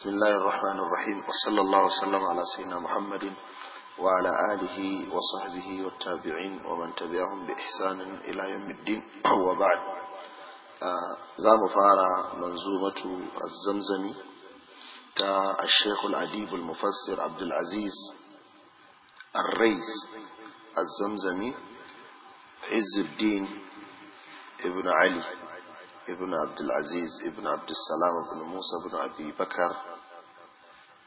بسم الله الرحمن الرحيم وصلى الله وسلم على سيدنا محمد وعلى آله وصحبه والتابعين ومن تبعهم بإحسان إلى يوم الدين وبعد زام فارا منزومة الزمزمي تا الشيخ الأديب المفسر عبد العزيز الرئيس الزمزمي عز الدين ابن علي ابن عبد العزيز ابن عبد السلام ابن موسى ابن أبي بكر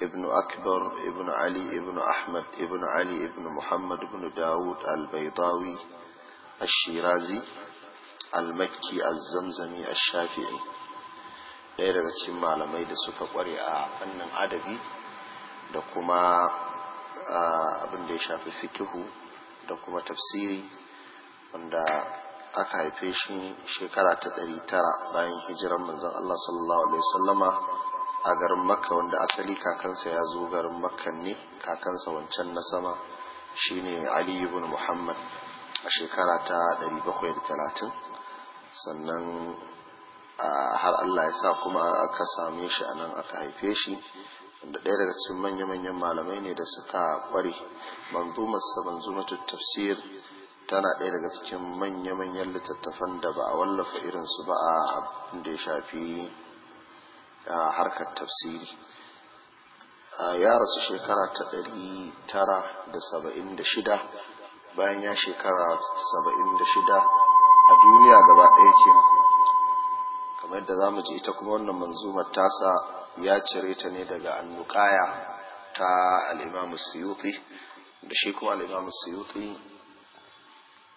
ابن أكبر ابن علي ابن أحمد ابن علي ابن محمد ابن داود البيضاوي الشيرازي المكي الزمزمي الشافعي ɗaya daga cikin malamai da suka ƙware a fannin adabi da kuma abin da ya shafi fikihu da kuma tafsiri wanda aka haife shi shekara ta ɗari tara bayan hijiran manzon Allah sallallahu alaihi wasallama a garin makka wanda asali kakansa ya zo garin makka ne kakansa wancan na sama shine Aliyu bin muhammad a shekara ta da talatin, sannan har Allah ya sa kuma aka same shi a nan aka haife shi wanda ɗaya daga cikin manya-manyan malamai ne da suka kware manzumarsa manzumatul tafsir tana ɗaya daga cikin manya-manyan littattafan da ba a wallafa irinsu ba a abin da ya shafi harkar tafsiri ya rasu shekara ta ɗari tara da saba'in da shida bayan ya shekara saba'in da shida a duniya gaba ɗaya ke kamar yadda za mu ji ita kuma wannan manzumar tasa ya cire ta ne daga annukaya ta al'imamu suyuti da shi kuma al'imamu suyuti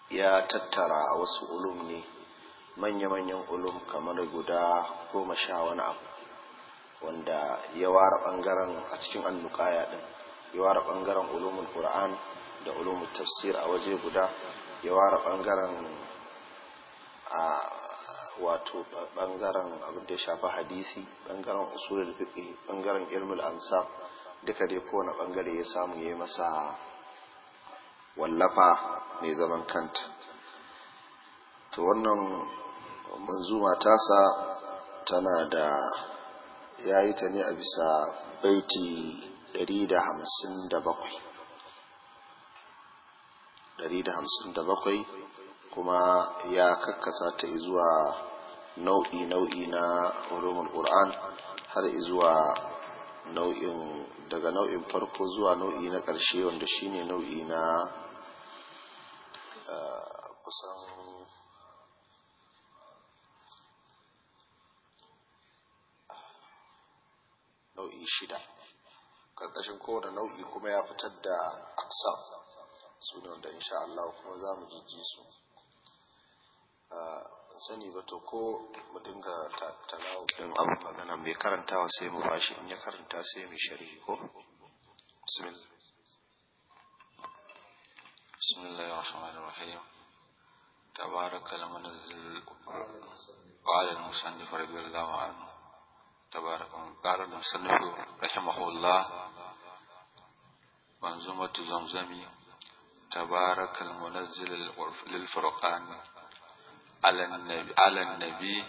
ya tattara wasu ulum ne manya-manyan ulum kamar guda goma sha wani abu wanda ya ware ɓangaren a cikin annukaya ɗin ya ware ɓangaren ulumin qur'an da ulumin tafsir a waje guda ya ware ɓangaren a wato ɓangaren abin da ya shafi hadisi ɓangaren usulul fiqh ɓangaren ilmul ansab duka dai kowane ɓangare ya samu ya yi masa wallafa mai zaman kanta to wannan manzuma tasa tana da ya yi ta ne a bisa baiti 157 kuma ya kakkasa ta zuwa nau'i-nau'i na ulumul Qur'an har zuwa nau'in daga nau'in farko zuwa nau'i na ƙarshe wanda shine nau'i na kusan nau'i shida ƙarƙashin kowane nau'i kuma ya fitar da aksar su ne wanda insha Allah kuma za mu jijji su sani ba to ko mu dinga talawo din abu magana mai karantawa sai mu bashi in ya karanta sai mu sharhi ko bismillah بسم الله الرحمن الرحيم تبارك المنزل قال المصنف رضي الله عنه تبارك قال المصنف رحمه الله منظومة زمزمي تبارك المنزل للفرقان على النبي على النبي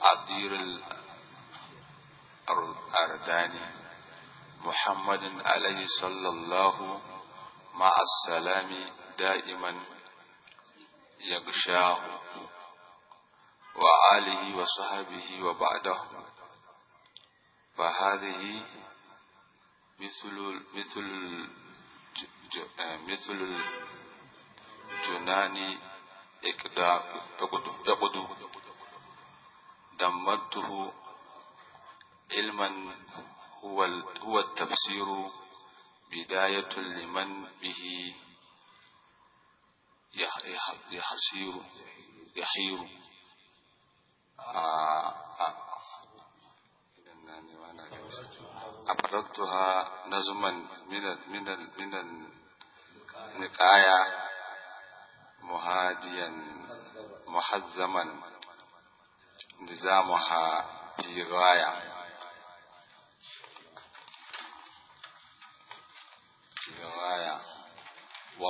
عدير الأرداني محمد عليه صلى الله عليه وسلم مع السلام دائما يغشاه وآله وصحبه وبعده فهذه مثل مثل مثل الجنان تقدو دمته علما هو هو التفسير بداية لمن به يحسير يحير آه، آه، آه، أبردتها نظما من من من النقايا مهاديا محزما نظامها في غايه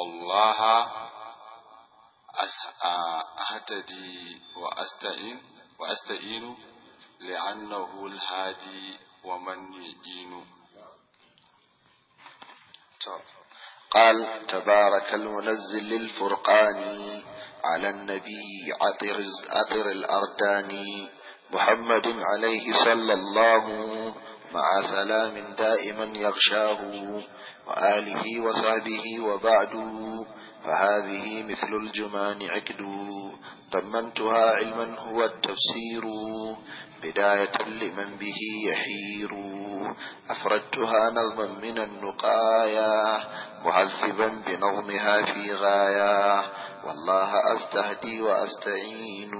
الله أهتدي وأستعين وأستعين لأنه الهادي ومن يعين قال تبارك المنزل للفرقان على النبي عطر, عطر الأردان محمد عليه صلى الله عليه وسلم مع سلام دائما يغشاه وآله وصحبه وبعد فهذه مثل الجمان عقد طمنتها علما هو التفسير بداية لمن به يحير أفردتها نظما من النقايا مهذبا بنظمها في غاية والله أستهدي وأستعين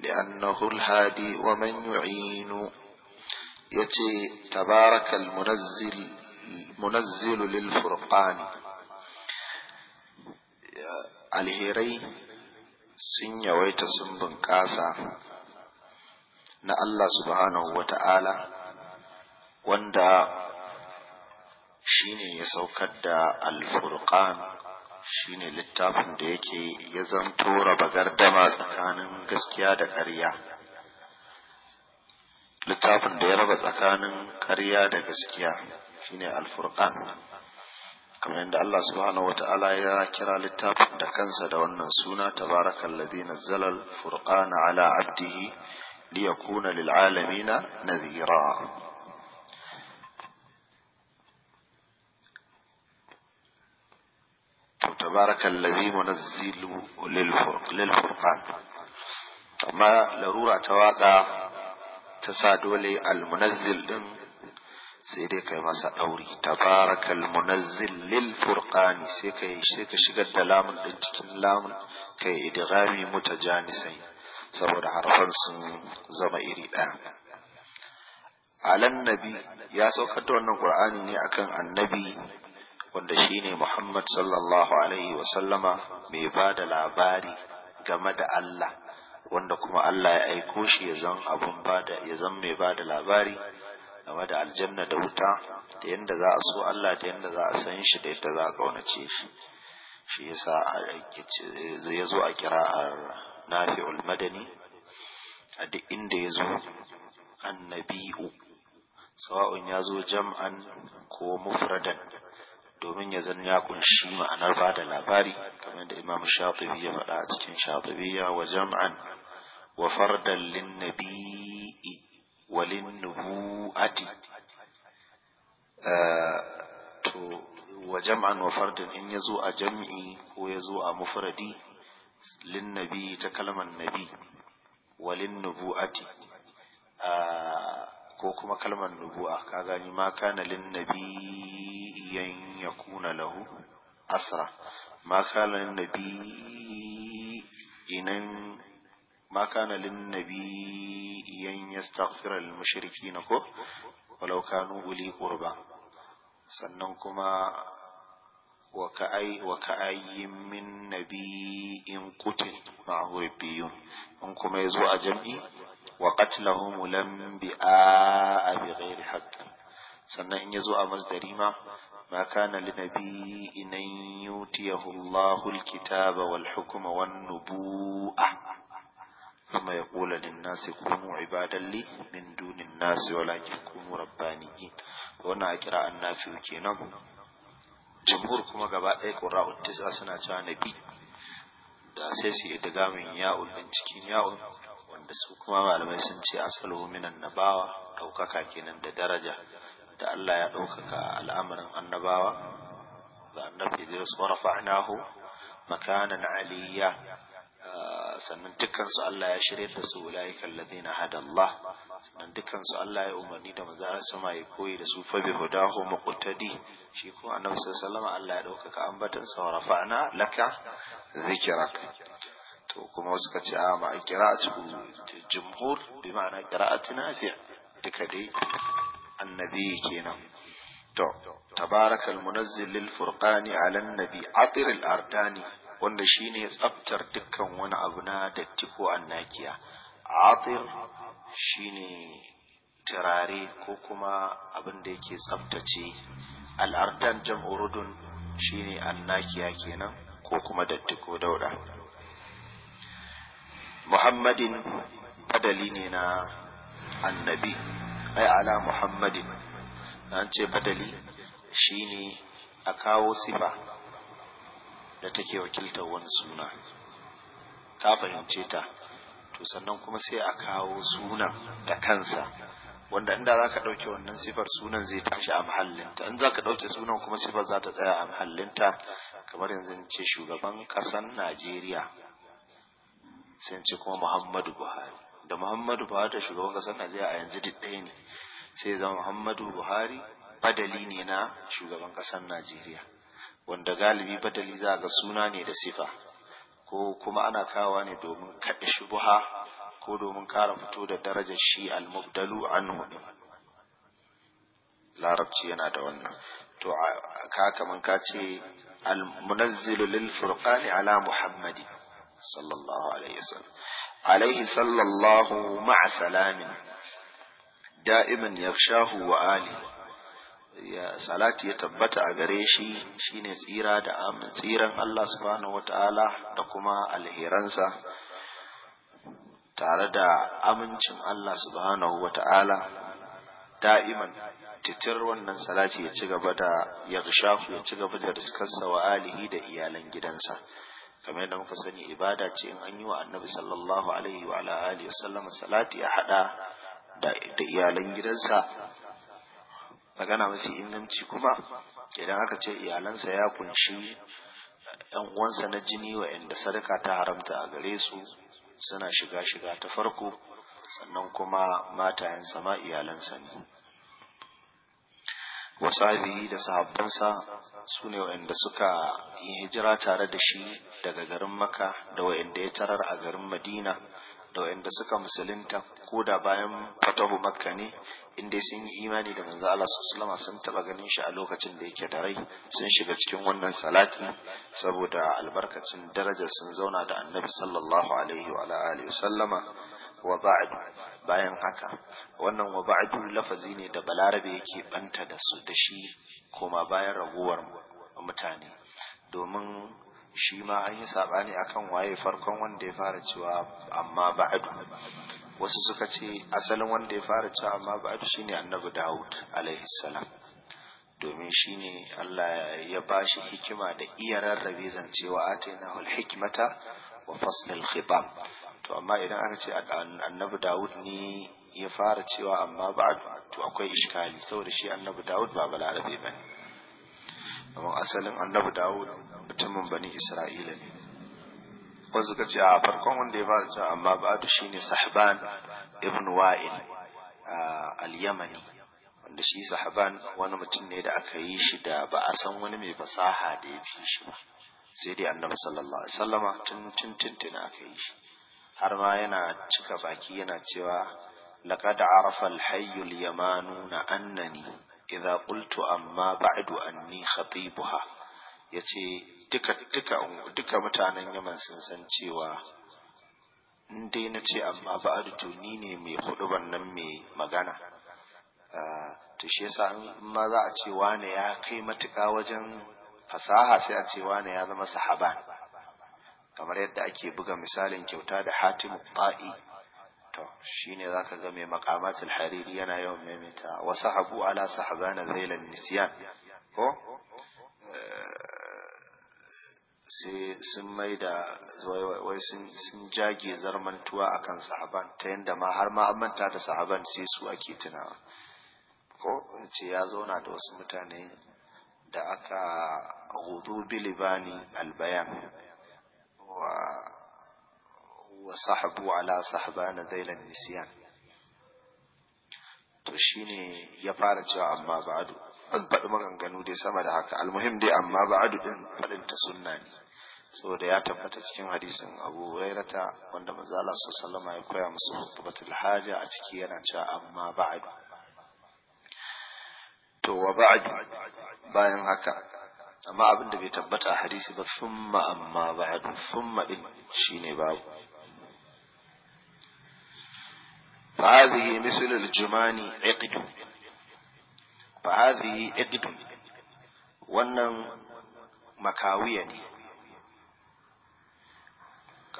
لأنه الهادي ومن يعين yace tabarakal munazzil munazzilu lil furqan alherai sun yawaita sun bunƙasa na Allah subhanahu wa ta'ala wanda shi ne ya saukar da alfurqan shi ne littafin da yake ya zamto raba gardama tsakanin gaskiya da ƙarya littafin da ya raba tsakanin ƙarya da gaskiya shine al alfurqan kamar yadda Allah subhanahu wata'ala ya kira littafin da kansa da wannan suna tabarakal ladhi nazzala al-furqana ala 'abdihi liyakuna lil 'alamina nadhira تبارك الذي منزل للفرقان amma larura ta waka ta sa dole almunazzil din sai dai kai masa ɗauri tabarakal munazzil lil furqani sai kai sai ka shigar da lamun din cikin lamun kai idghami mutajanisai saboda harfan sun zama iri ɗaya alan nabi ya saukar da wannan qur'ani ne akan annabi wanda shine Muhammad sallallahu alaihi wa sallama mai ba da labari game da Allah wanda kuma Allah ya aiko shi ya zan abun bada ya zan mai bada labari game da aljanna da wuta da yadda za a so Allah da yadda za a san shi da yadda za a kaunace shi shi yasa ya zo a kira'ar nafi'ul madani a duk inda ya zo annabi'u sawa'un ya zo jam'an ko mufradan domin ya zan ya kunshi ma'anar ba da labari kamar da imam shatibi ya faɗa a cikin ya wa jam'an wa fardan lin nabi'i wa lin nubu'ati eh, to wa jam'an wa fardan in ya zo a jam'i ko ya zo a mufradi lin nabi ta kalmar nabi wa lin nubu'ati ah, ko kuma kalmar nubu'a ka gani ma kana lin nabiyyan yakuna lahu asra ma kana lin nabi inan ma kana lin nabiyyan yastaghfira lil mushrikin ko walau kanu uli qurba sannan kuma وكأي وكأي من نبي قتل معه ربيون إن كما a جمعي وقتله ملنبئاء بغير حق sannan in ya zo a masdari ma ma kana linabi inan yutiyahu Allahu alkitaba wal hukma wan nubu'a kuma ya kula lin nasi kunu ibadalli, min nasi walakin kunu rabbaniyin wannan a kira annafi kenan jumhur kuma gaba ɗaya qura'ut tis'a suna cewa nabi da sai su yi idgamin ya'ul cikin ya'ul da su kuma malamai sun ce asalu minan nabawa ɗaukaka kenan da daraja da Allah ya ɗaukaka al'amarin annabawa ga annabi su wa rafa'nahu makanan aliyya ah, sannan dukkansu Allah ya shirya da su ulaika alladhina hada sannan dukkansu Allah ya umarni da maza Allah sama ya koyi da su fa hudahu shi ko annabi sallallahu Allah ya ɗaukaka ambatan sa wa rafa'na laka dhikrak to kuma suka ce a ma qira'atu jumhur bi ma'ana qira'atu nafi' duka dai annabi kenan to tabarakal munazzil lil furqani ala annabi atir al ardani wanda shine tsaftar dukkan wani abu na datti ko annakiya atir shine tirare ko kuma abin da yake tsaftace al'ardan jam'urudun shine annakiya kenan ko kuma datti ko dauda muhammadin badali ne na annabi ai ala muhammadin an ce badali ne a kawo sifa da take wakiltar wani suna ka fahimce ta to sannan kuma sai a kawo sunan da kansa wanda inda za ka ɗauke wannan sifar sunan zai tashi a mahallinta in za ka ɗauke sunan kuma sifar za ta tsaya a mahallinta kamar yanzu ce shugaban ƙasar najeriya sai ce kuma Muhammadu Buhari da Muhammadu Buhari da shugaban kasar Najeriya a yanzu duk ɗaya ne sai zama Muhammadu Buhari badali ne na shugaban kasar Najeriya wanda galibi badali za ga suna ne da sifa ko kuma ana kawa ne domin kaɗe shubuha ko domin kara fito da darajar shi al-mubdalu anhu larabci yana da wannan to ka kaman ka ce al-munazzilu lil furqani ala muhammadi صلى الله عليه وسلم عليه صلى الله مع سلام دائما يغشاه وآله ya صلاتي tabbata a gare shi shine tsira da وتعالى tsiran Allah da kuma alheransa tare da amincin Allah subhanahu wataala da'iman titir wannan salati ya ci gaba ya ya ci gaba da riskarsa wa da iyalan gidansa kamar yadda muka sani ibada ce in an yi wa annabi sallallahu alaihi wa ala alihi sallam salati a hada da iyalan gidansa magana mafi inganci kuma idan aka ce iyalansa ya kunshi yan uwansa na jini inda sadaka ta haramta a gare su suna shiga shiga ta farko sannan kuma matayensa ma iyalansa ne wasabi da sahabbansa su ne wa'anda suka yi hijira tare da shi daga garin maka da wa'anda ya tarar a garin madina da wa'anda suka musulunta ko da bayan fatahu makka ne inda sun yi imani da manzo Allah su sulama sun taba ganin shi a lokacin da yake da rai sun shiga cikin wannan salati saboda albarkacin daraja sun zauna da annabi sallallahu alaihi wa alihi wa ba'd bayan haka wannan wa ba'du lafazi ne da balarabe yake banta da su da shi kuma bayan raguwar mutane domin shi ma an yi sabani akan waye farkon wanda ya fara cewa amma ba'du wasu suka ce asalin wanda ya fara cewa amma ba'du shine annabi Dawud alaihi salam domin shine Allah ya ba shi hikima da iya rarrabe zancewa atainahul hikmata wa faslil khitab to amma idan aka ce annabi Dawud ne ya fara cewa amma ba to akwai iskali saboda shi annabi Dawud ba balarabe ba ne amma asalin annabi Dawud mutumin bani Isra'ila ne wasu ka ce a farkon wanda ya fara cewa amma ba shine Sahban ibn Wa'il al-Yamani wanda shi sahaban wani mutum ne da aka yi shi da ba a san wani mai fasaha da ya fi shi ba sai dai annabi sallallahu alaihi wasallama tun tun tun aka yi shi har ma yana cika baki yana cewa laqad arafa al-hayyul yamanuna annani idza qultu amma ba'du anni khatibuha yace duka duka duka mutanen Yaman sun san cewa in dai na ce amma ba'du to ni ne mai huduban nan mai magana ah, to shi yasa in ma za a ce wane ya kai matuka wajen fasaha sai a ce wane ya zama sahaban kamar yadda ake buga misalin kyauta da hatimu ta'i to shine zaka ga mai maqamatul hariri yana yawan maimaita wa sahabu ala sahabana zailan nisyan ko eh, sai sun mai da wai sun jage zarmantuwa akan sahaban ta yadda ma har ma manta da sahaban sai su ake tunawa ko ce ya zauna da wasu mutane da aka hudu bilibani albayan وصحبوا على صحبان ذيل النسيان to shine ya fara cewa amma ba'adu an faɗi maganganu dai sama da haka almuhim dai amma ba'adu din faɗin ta sunna ne saboda ya tabbata cikin hadisin Abu Hurairata wanda manzo Allah sallallahu ya koya musu khutbatul haja a ciki yana cewa amma ba'adu to wa ba'adu bayan haka amma abin da bai tabbata a hadisi ba summa amma ba'du summa din shine babu فهذه مثل الجماني عقد فهذه عقد wannan makawiya ne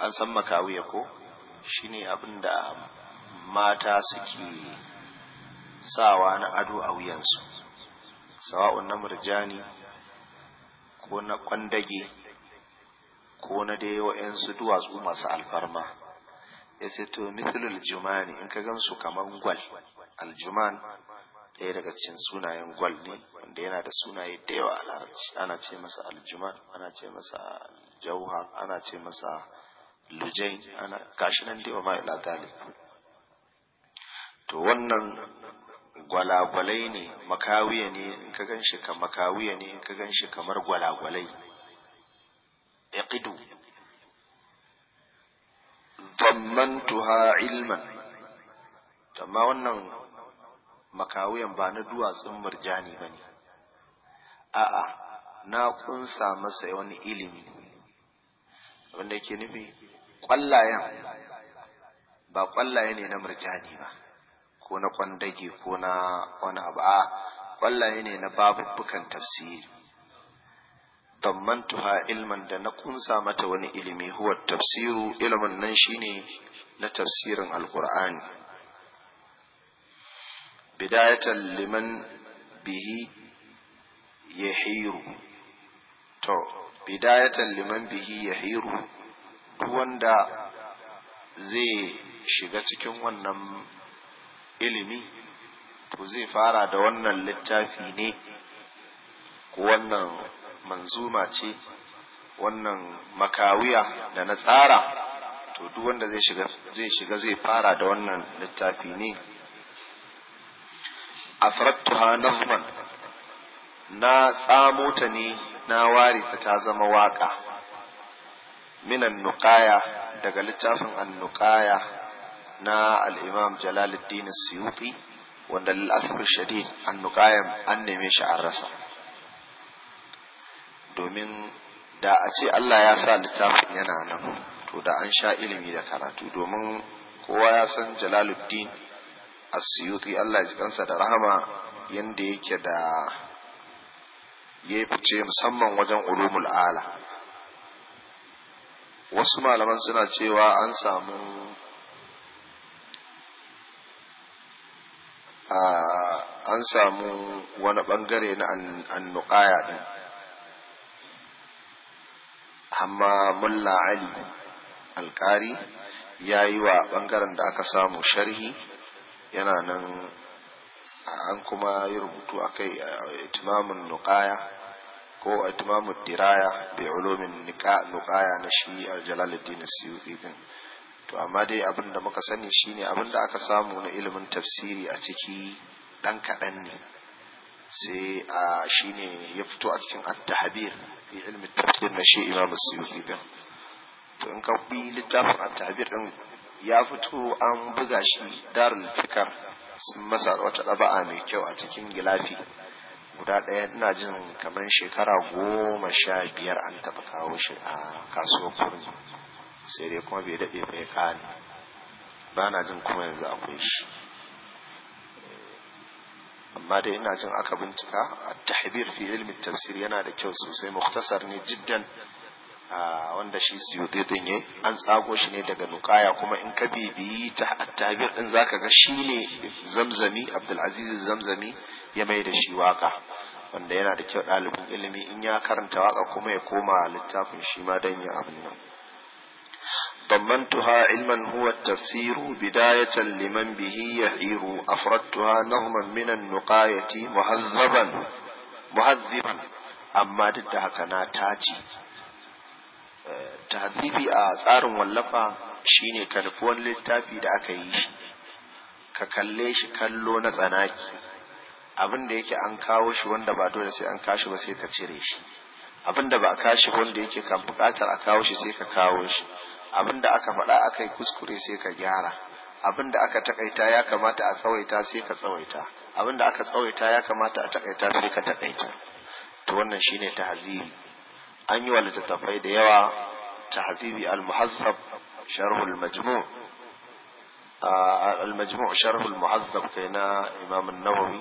an san makawiya ko shi ne abin da mata suke sawa na ado a wuyansu sawa'un Namar jani. ko na kwandage ko na dai wa'yansu duwatsu masu alfarma ya ce to mithlul jumani in ka gansu kamar gwal aljuman ɗaya daga cikin sunayen gwal ne wanda yana da sunaye da yawa a larabci ana ce masa aljuman ana ce masa jauhar ana ce masa lujain ana gashi nan da yawa ma ila to wannan gwalagwalai ne makawiya ne ka gan shi kamar makawiya ne ka gan shi kamar gwalagwalai iqidu dammantuha ilman amma wannan makawiyan ba na duwatsun murjani ba ne a'a na kunsa masa wani ilimi wanda yake nufi ƙwallayen ba ƙwallaye ne na murjani ba ko na kwandage ko na wani abu a ƙwallaye ne na babukan tafsiri dammantuha ilman da na kunsa mata wani ilimi huwa tafsiru ilimin nan shine na tafsirin alqur'ani bidayatan liman bihi yahiru to bidayatan liman bihi yahiru wanda zai shiga cikin wannan ilimi to zai fara da wannan littafi ne ko wannan manzuma ce wannan makawiya da na tsara to duk wanda zai shiga zai fara da wannan littafi ne afrattuha nazman na tsamo ta ne na ware ta ta zama waka minan nuqaya daga littafin annuqaya na al'imam jalaluddin suyuti wanda lil'asafin shadid an nukayan an neme shi an rasa domin da a ce Allah ya sa littafin yana nan to da an sha ilimi da karatu domin kowa ya san jalaluddin asiyuti Allah ji kansa da rahama yanda yake da ya fice musamman wajen ulumul ala wasu malaman suna cewa an samu an samu wani bangare na annukaya din amma mulla ali Alƙari ya yi wa ɓangaren da aka samu sharhi yana nan an kuma yi rubutu a kai itimamin nuƙaya ko itimamin diraya da ulumin nuƙaya na shi aljalaluddin suyuti din to amma dai abin da muka sani shine abin da aka samu na ilimin tafsiri a ciki ɗan kaɗan ne sai a shine ya fito a cikin at-tahbir fi tafsir na shi imam suyuti din to in ka bi littafin at-tahbir din ya fito an buga shi darul fikar sun masa wata ɗaba'a mai kyau a cikin gilafi guda ɗaya ina jin kamar shekara goma sha biyar an taɓa kawo shi a kasuwar kurmi sai dai kuma bai daɗe ba ya ƙare ba na jin kuma yanzu akwai shi amma dai ina jin aka bincika a tahbir fi ilmin tafsir yana da kyau sosai muktasar ne jiddan wanda shi suyuti din ya an tsago shi ne daga nukaya kuma in ka bibiyi ta attabir din zaka ga shi ne zamzami abdulaziz zamzami ya mai da shi waka wanda yana da kyau ɗalibin ilimi in ya karanta waka kuma ya koma littafin shi ma don abin nan. ضمنتها علما هو التفسير بداية لمن به يهير أفردتها نظما من النقاية مهذبا مهذبا أما ددها na taci tahzibi a tsarin wallafa shine ka nufi wani littafi da abin da yake an kawo shi wanda ba dole sai an kashi ba sai ka cire shi abin da ba a kashi wanda yake kan bukatar a kawo shi sai ka kawo shi abin da aka faɗa aka yi kuskure sai ka gyara abin da aka takaita ya kamata a tsawaita sai ka tsawaita abin da aka tsawaita ya kamata a takaita sai ka takaita to wannan shine tahziri an yi wa littattafai da yawa tahzibi al-muhazzab Sharhul al-majmu' ah, al-majmu' Sharhul muhazzab kai na imam an-nawawi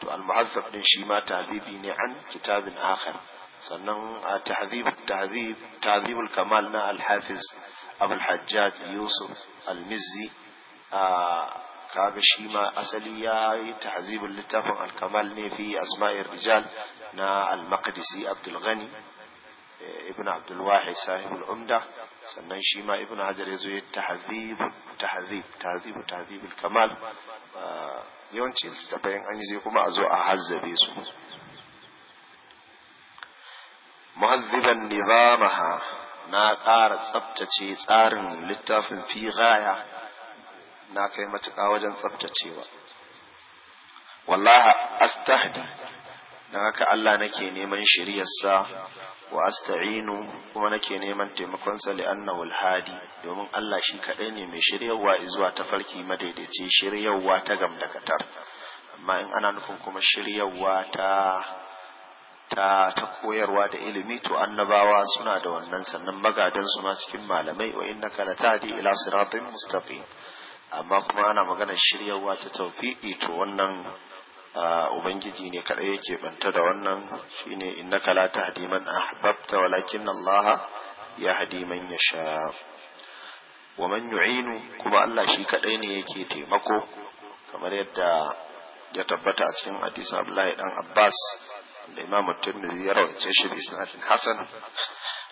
to al-muhazzab din shi ma tahzibi ne an kitabin akhar sannan a ah, tahzib tahzib tahzib kamal na al-hafiz abul hajjaj yusuf almizzi a kaga shi ma asali ya yi tahzibin littafin alkamal ne fi asma'ir rijal na al-maqdisi abdul ghani e, ibn abdul wahid sahibul umda sannan shi ma ibn hajar ya zo ya tahzib tahzib tahzib tahzib kamal yawanci littafin an yi zai kuma a zo a hazzabe su muhazziban nizamaha na ƙara tsabtace tsarin littafin fi gaya na kai matuƙa wajen tsabtacewa wallaha astahdi don haka Allah nake neman shiryarsa wa asta'inu kuma nake neman taimakonsa li'anna wulhadi hadi domin Allah shi kaɗai ne mai shiryarwa zuwa tafarki madaidaici shiryarwa ta gamdakatar amma in ana nufin kuma shiryarwa ta ta ta koyarwa da ilimi to annabawa suna da wannan sannan magadan su ma cikin malamai wa innaka latadi ila siratin mustaqim amma kuma ana magana shiryawa ta tawfiqi to wannan ubangiji ne kadai yake banta da wannan shine innaka la tahdi man ahbabta walakin Allah yahdi man yasha wa man yu'inu kuma Allah shi kadai ne yake taimako kamar yadda ya tabbata a cikin hadisin Abdullahi dan Abbas الإمام الترمذي يروي جيش بإسناد الحسن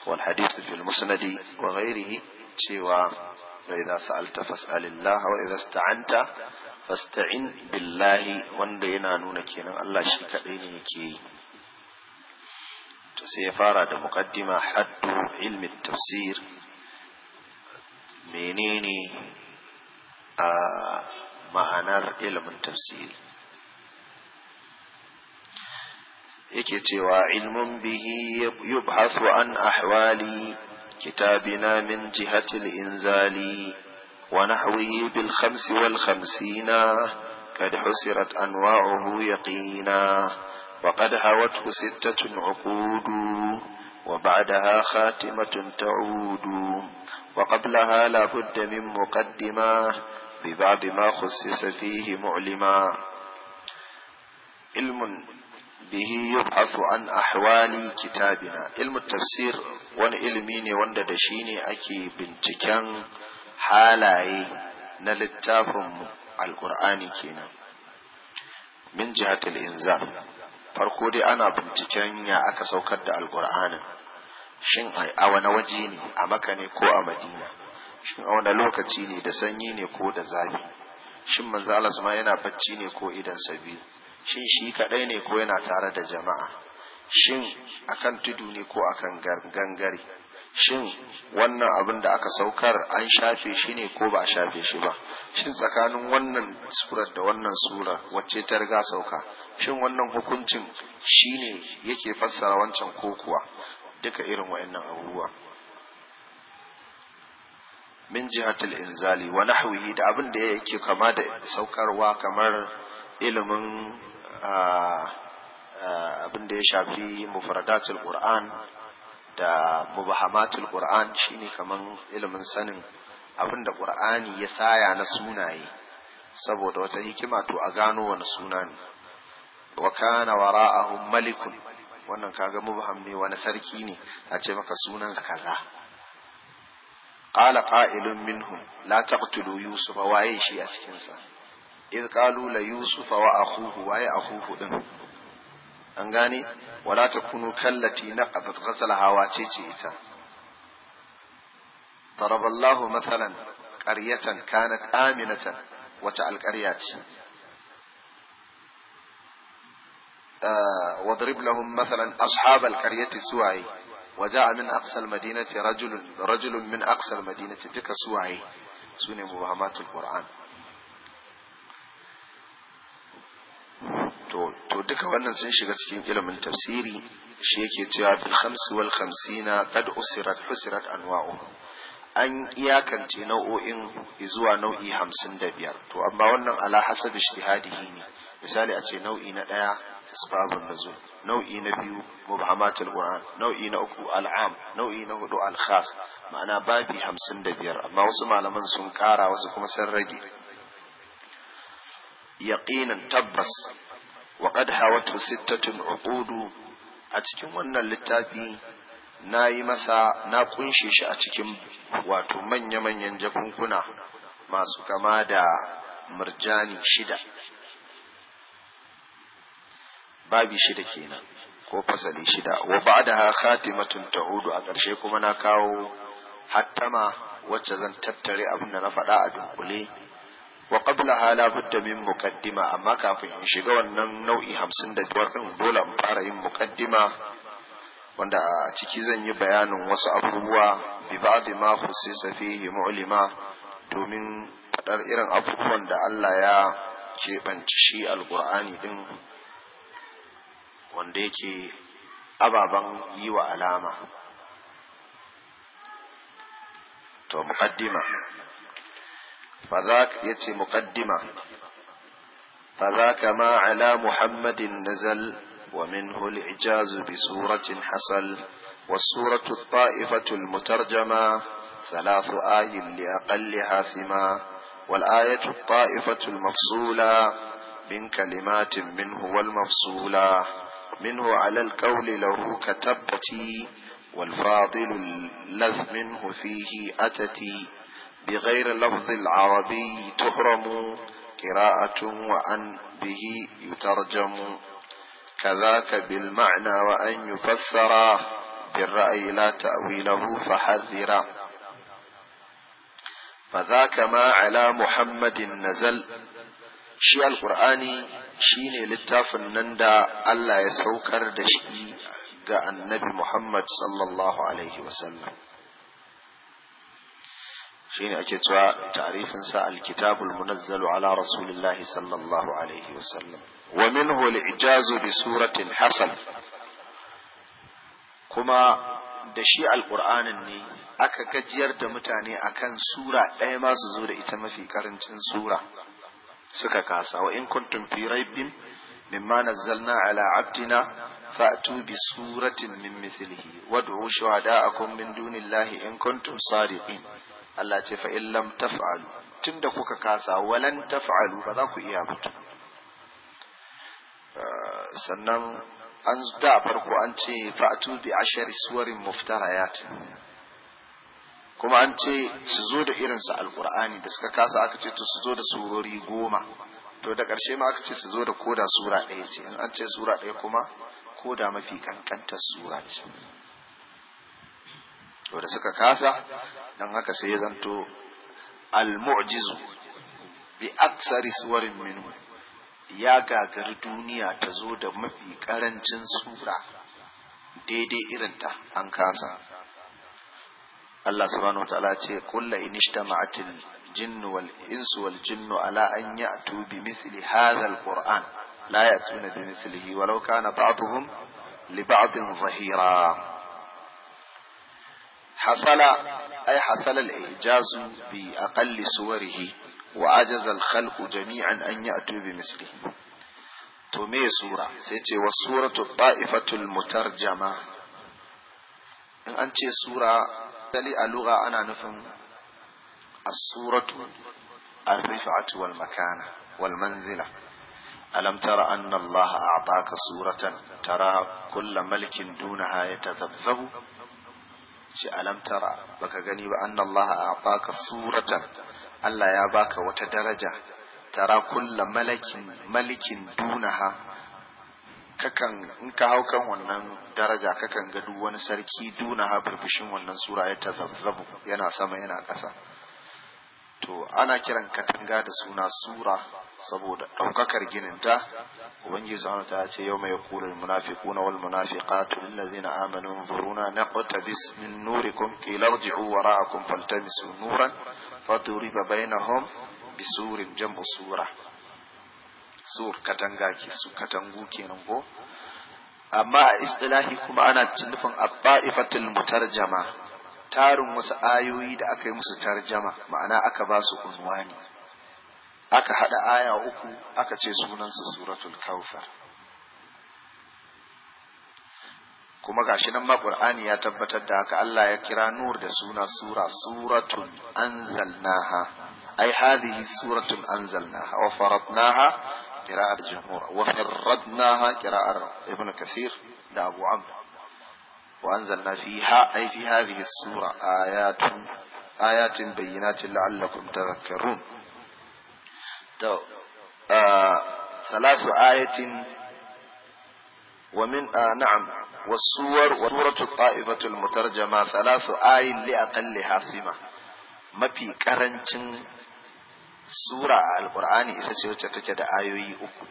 والحديث في المسند وغيره سوى فإذا سألت فاسأل الله وإذا استعنت فاستعن بالله وندينا نونك الله شيك كي سيفارة مقدمة حد علم التفسير منيني آه ما أنا علم التفسير yake cewa ilmun bihi yubhasu an ahwali kitabina min jihatil inzali wa nahwihi bil khamsi wal khamsina قد حسرت أنواعه يقينا وقد هوته ستة عقود وبعدها خاتمة تعود وقبلها لابد من مقدمة ببعض ما خصص فيه معلما علم bihi yub'athu an ahwali kitabina ilmu tafsir wani ilimi ne wanda da shi ne ake binciken halaye na littafin alkur'ani kenan min jihatul inzal farko dai ana binciken ya aka saukar da alkur'anin shin a wani waje ne a maka ne ko a madina shin a wani lokaci ne da sanyi ne ko da zafi shin manzo Allah yana bacci ne ko idan biyu? shin shi kaɗai ne ko yana tare da jama'a shin akan tudu ne ko akan gangare shin wannan abin da aka saukar an shafe shi ne ko ba a shafe shi ba shin tsakanin wannan surar da wannan surar wacce ta riga sauka shin wannan hukuncin shi ne yake fassara wancan ko kuwa duka irin wa'annan abubuwa min jihatul inzali wa nahwihi da abin da yake kama da saukarwa kamar ilimin abin da ya shafi mufaradatul qur'an da mubahamatul qur'an shine kaman ilimin sanin abin da qur'ani ya saya na sunaye saboda wata hikima to a gano wani suna ne wa kana wara'ahum malikun wannan kaga mubaham ne wani sarki ne a ce maka sunan kaza qala qa'ilun minhum la taqtulu yusufa waye shi a cikin إذ قالوا ليوسف وأخوه وأي أخوه إن أنغاني ولا تكونوا كالتي نقضت غسلها واتيتيتا ضرب الله مثلا قرية كانت آمنة وتعال قريات آه، وضرب لهم مثلا أصحاب القرية سواي وجاء من أقصى المدينة رجل رجل من أقصى المدينة تلك سواي سنة مبهمات القرآن to to duka wannan sun shiga cikin ilimin tafsiri shi yake cewa fil khamsi wal khamsina qad usirat husirat anwa'u an iyakance nau'o'in zuwa nau'i hamsin da biyar to amma wannan ala hasab ijtihadihi ne misali a ce nau'i na ɗaya isbabun nuzul nau'i na biyu mubhamatul qur'an nau'i na uku al'am nau'i na hudu al-khas ma'ana babi hamsin da biyar amma wasu malaman sun kara wasu kuma sun rage yaqinan tabbas wa qad hawatu sittatun a cikin wannan littafi na yi masa na kunshe shi a cikin wato manya-manyan jakunkuna masu kama da murjani shida Babu shida kenan ko fasali shida wa ba'daha khatimatun udu a ƙarshe kuma na kawo hattama wacce zan tattare abin da na faɗa a dunkule wa qablaha la budda min muqaddima amma kafin in shiga wannan nau'i 55 din dole in fara yin muqaddima wanda a ciki zan yi bayanin wasu abubuwa bi ba'di ma khusisa fihi mu'lima domin fadar irin abubuwan da Allah ya keɓanci shi alqur'ani din wanda yake ababen yi wa alama to muqaddima فذاك يتي مقدمة فذاك ما على محمد نزل ومنه الإعجاز بسورة حصل والسورة الطائفة المترجمة ثلاث آي لأقلها ثما والآية الطائفة المفصولة من كلمات منه والمفصولة منه على القول له كتبتي والفاضل اللذ منه فيه أتتي بغير لفظ العربي تهرم قراءة وأن به يترجم كذاك بالمعنى وأن يفسر بالرأي لا تأويله فحذر فذاك ما على محمد نزل شيء القرآني شيني للتاف النندا ألا يسوكر دشئي النبي محمد صلى الله عليه وسلم shine ake cewa ta'rifin sa alkitabul munazzalu ala rasulillah sallallahu alaihi sallam. wa minhu al bi suratin hasan kuma da shi alqur'anin ne aka gajiyar da mutane akan sura ɗaya ma su zo da ita mafi karancin sura suka kasa wa in kuntum fi raibin mimma nazzalna ala abdina fa'tu bi suratin min mithlihi wad'u shuhada'akum min dunillahi in kuntum sadiqin Allah ce fa in lam taf'alu tunda kuka kasa walan taf'alu ba za ku iya ba uh, sannan an da farko an ce fa'tu bi asharis suwarin muftarayat kuma an ce su zo da irin irinsa alkur'ani da suka kasa aka ce to su zo da surori goma to da ƙarshe ma aka ce su zo da koda sura ɗaya ce in an ce sura ɗaya kuma koda mafi kankantar sura ce to da suka kasa don haka sai ya zanto almu'jizu bi aksari suwarin minu ya gagari duniya ta zo da mafi karancin sura daidai irinta an kasa Allah subhanahu ta'ala ce kulla inishtama'atil jinnu wal insu wal jinnu ala an ya'tu bi mithli hadha al-qur'an la ya'tuna bi mithlihi walau kana ba'dhum li ba'dhin zahira حصل أي حصل الإعجاز بأقل صوره وعجز الخلق جميعا أن يأتوا بمثله تومي سورة سيتي والسورة الطائفة المترجمة إن أنت سورة تلي اللغة أنا نفهم السورة الرفعة والمكانة والمنزلة ألم ترى أن الله أعطاك سورة ترى كل ملك دونها يتذبذب shi alam tara baka gani ba anna Allah baka suratan Allah ya baka wata daraja tara kullu malakin malikin dunaha kakan in ka hau kan wannan daraja kakan ga duk wani sarki dunaha burbushin wannan sura ya tazabzabu yana sama yana ƙasa to ana kiran katanga da suna sura saboda ɗaukakar gininta ubangiji subhanahu ya ce yau mai al munafiquna wal munafiqatu lil ladzina amanu anzuruna naqtabis min nurikum qila wara'akum faltamisu nuran faturiba bainahum bisurin jambu sura sur katanga ki su katangu kenan ko amma a istilahi kuma ana nufin abba'ifatul mutarjama tarin wasu ayoyi da aka yi musu tarjama ma'ana aka ba su unwani aka hada aya uku aka ce sunansa suratul kawthar kuma gashi nan ma Qur'ani ya tabbatar da haka Allah ya kira nur da suna sura suratul anzalnaha ai hadhihi suratul anzalnaha wa faradnaha qira'at jumhur wa faradnaha qira'at ibn kasir da abu amr wa anzalna fiha ai fi hadhihi sura ayatun ayatin bayyinatin la'allakum tadhakkarun تو آه، ثلاث آية ومن آه نعم والصور وسورة الطائفة المترجمة ثلاث آي لأقلها سمة ما في كرنشن سورة القرآن إذا تكد آيوي أكو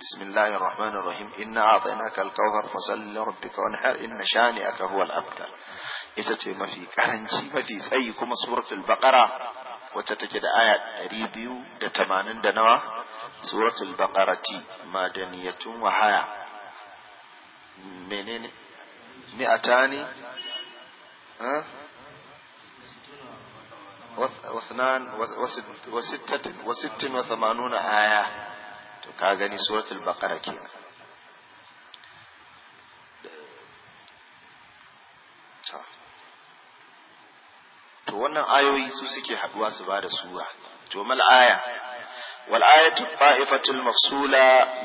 بسم الله الرحمن الرحيم إنا أعطيناك الكوثر فصل لربك وانحر إن شانئك هو الأبتر إذا ما في كرنشي ما في سيكم سورة البقرة wacce take da aya ɗari biyu da tamanin da nawa suratul baqarati madaniyatun wahaya menene mi'atani ha واثنان وستة وست وثمانون آية to ka gani suratul baqara kenan to wannan ayoyi su suke haduwa su bada sura to mal aya wal ayatu mafsula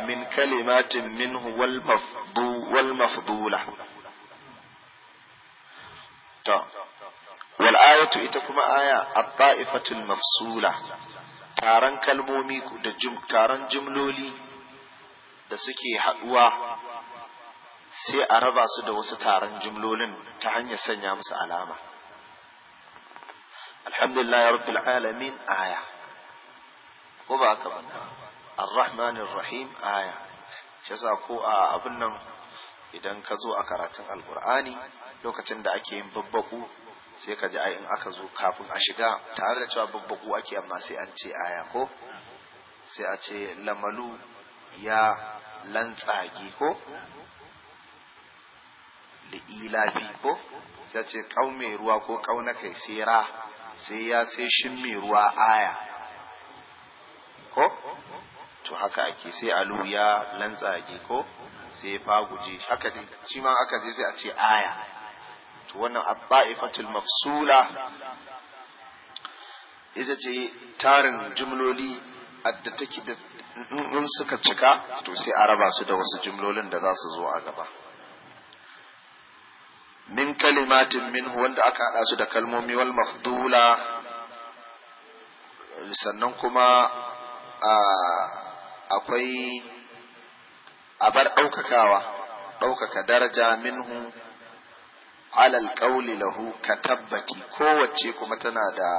min kalimatin minhu wal mafdu wal mafdula to wal ayatu ita kuma aya at mafsula taron kalmomi da taron jumloli da suke haduwa sai a raba su da wasu taron jumlolin ta hanyar sanya musu alama alhamdulillah rabbil alamin aya ko ba haka ba arrahmanir rahim aya shi yasa ko a abin nan idan ka zo a karatun alqur'ani lokacin da ake yin babbaku sai ka ji ai in aka zo kafin a shiga tare da cewa babbaku ake amma sai an ce aya ko sai a ce lamalu ya lantsage ko li'ilafi ko sai a ce kaume ruwa ko kauna kai sera sai ya sai shin mai ruwa aya ko to haka ake sai alu ya ake ko sai faguje haka dai shi ma aka je sai a ce aya to wannan abba'ifatul mafsula ita ce tarin jumloli adda take da in suka cika to sai a raba su da wasu jumlolin da za su zo a gaba min kalimatin minhu wanda aka haɗa su da kalmomi wal mafdula sannan kuma akwai abar ɗaukakawa ɗaukaka daraja minhu alal ƙauli lahu ka tabbati kowace kuma tana da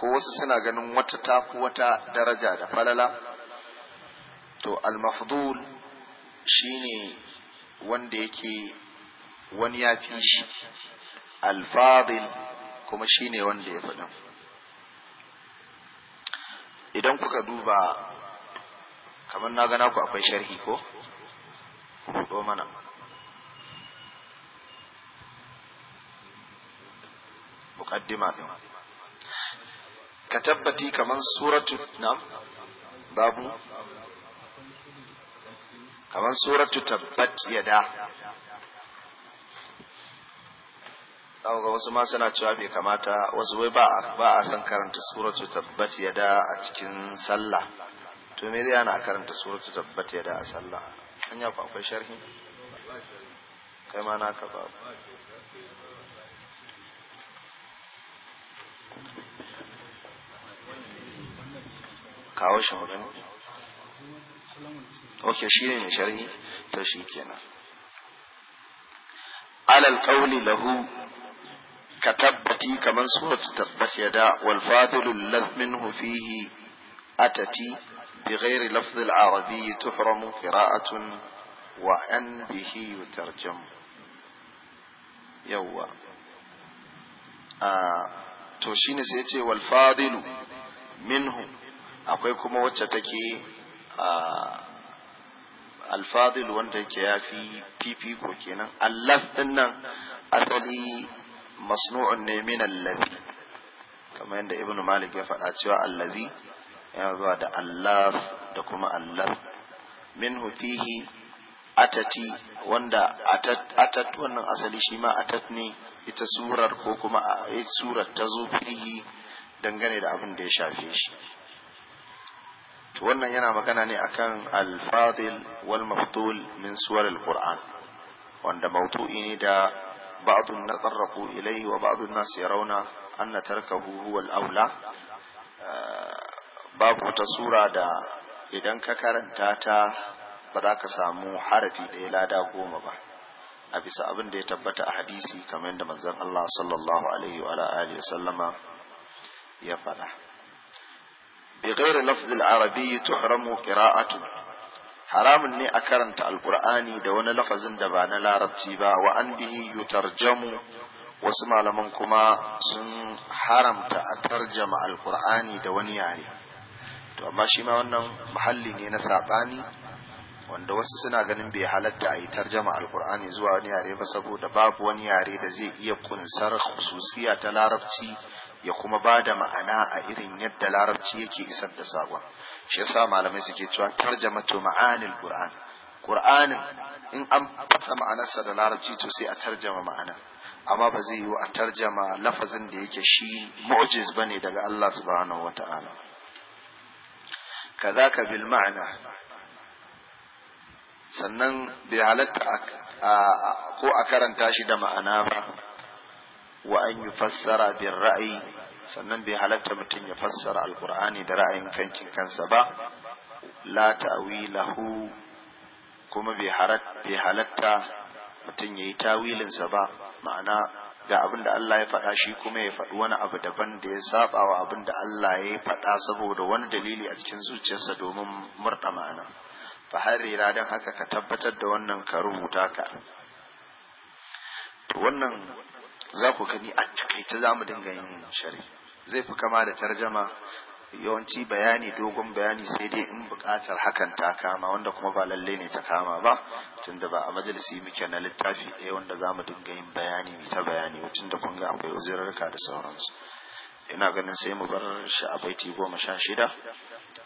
ko wasu suna ganin wata tafi wata daraja da falala to al-mafdul shine wanda yake wani ya fi shi alfadil kuma shi ne wanda ya faɗin idan kuka duba kamar na gana ku akwai sharhi ko ko mana Muƙaddima. din ka tabbati kamar suratu na babu kamar suratu tabbat yada za ga wasu ma suna cewa bai kamata wasu wai ba ba a san karanta suratu tabbat yada a cikin sallah to me zai ana karanta suratu tabbat yada a sallah an yafi akwai sharhi kai ma na ka ba kawo shi mu gani ok shi ne sharhi to shi kenan alal qawli lahu كتبتي كمن سورة تبت يدا والفاضل اللذ منه فيه أتتي بغير لفظ العربي تحرم قراءة وأن به يترجم يوا آه توشين سيتي والفاضل منه akwai kuma wacce الفاضل alfadil wanda ke بي بي fifiko kenan allaf masnu'un ne min allazi kamar yadda ibnu malik ya faɗa cewa allazi yana zuwa da allaf da kuma allaf min fihi atati wanda atat wannan asali shi ma atat ne ita surar ko kuma eh, surar ta zo fihi dangane da abin da ya shafe shi wannan yana magana ne akan al-fadil wal maftul min suwar al wanda mautu'i ne da بعض نطرق إليه وبعض الناس يرون أن تركه هو الأولى آه، باب تصورة دا إذن ككارن تاتا بذاك سامو حركة إلا دا قوم با أبي سأبن دي تبت أحديثي كمين دا منزل الله صلى الله عليه وعلى آله وسلم يبدا بغير لفظ العربي تحرم قراءته haramun ne a karanta alkur'ani da wani lafazin da ba na larabci ba wa an bihi yutarjamu wasu malaman kuma sun haramta a tarjama alkur'ani da wani yare to amma shi ma wannan muhalli ne na saɓani wanda wasu suna ganin bai halatta a yi tarjama alkur'ani zuwa wani yare ba saboda babu wani yare da zai iya kunsar hususiya ta larabci ya kuma ba da ma'ana a irin yadda larabci yake isar da saƙon shi yasa malamai suke cewa ta ma'anil qur'an qur'anin in an fasa ma'anarsa da larabci to sai a tarjama ma'ana amma ba zai yiwu a tarjama lafazin da yake shi mu'jiz bane daga Allah subhanahu wata'ala kadaka bil ma'ana sannan bai halatta ko a karanta shi da ma'ana ba wa an yi fassara bin ra'ayi sannan bai halatta mutum ya fassara alkur'ani da ra'ayin kankin kansa ba la ta'wilahu kuma bai halatta mutum ya yi tawilinsa ba ma'ana ga abin da Allah ya faɗa shi kuma ya faɗi wani abu daban da ya saba wa abin da Allah ya faɗa saboda wani dalili a cikin zuciyarsa domin murɗa ma'ana fa harira don haka ka tabbatar da wannan ka rubuta ka to wannan za ku gani a takaice za mu dinga yin shari zai fi kama da tarjama yawanci bayani dogon bayani sai dai in bukatar hakan ta kama wanda kuma ba lalle ne ta kama ba tunda ba a majalisi muke na littafi ɗaya wanda za mu dinga yin bayani mai ta bayani tunda kun ga akwai uzurarka da sauransu ina ganin sai mu bar shi a baiti goma sha shida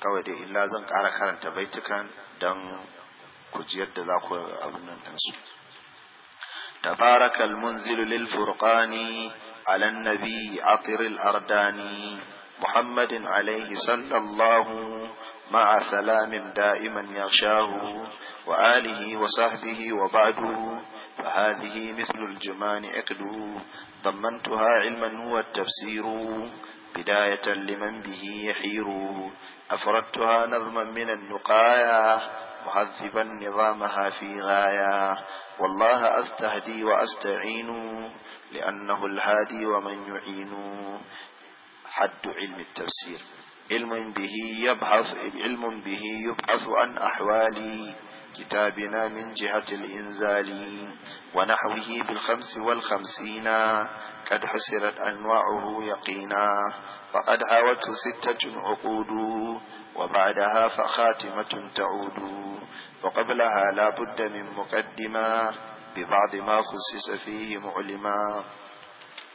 kawai dai illa zan ƙara karanta baitukan don kujiyar da za ku abin nan ɗinsu tabarakal munzilu lil furqani على النبي عطر الأرداني محمد عليه صلى الله مع سلام دائما يغشاه وآله وصحبه وبعد فهذه مثل الجمان عقد ضمنتها علما هو التفسير بداية لمن به يحير أفردتها نظما من النقايا معذبا نظامها في غاية والله أستهدي وأستعين لأنه الهادي ومن يعين حد علم التفسير علم به يبحث علم به يبحث عن أحوال كتابنا من جهة الإنزال ونحوه بالخمس والخمسين قد حسرت أنواعه يقينا وقد هاوته ستة عقود وبعدها فخاتمة تعود وقبلها لا بد من مقدمة ببعض ما خصص فيه معلما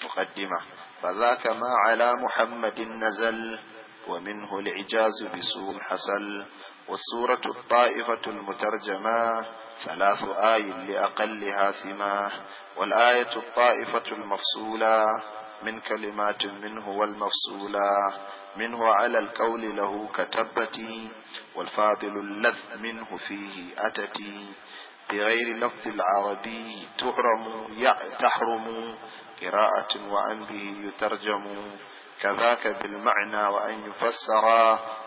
مقدمة فذاك ما على محمد نزل ومنه الإعجاز بسور حسل والسورة الطائفة المترجمة ثلاث آي لأقلها ثما والآية الطائفة المفصولة من كلمات منه والمفصولة منه على القول له كتبتي والفاضل اللذ منه فيه أتتي بغير لفظ العربي تحرم تحرم قراءة وأن به يترجم كذاك بالمعنى وأن يفسرا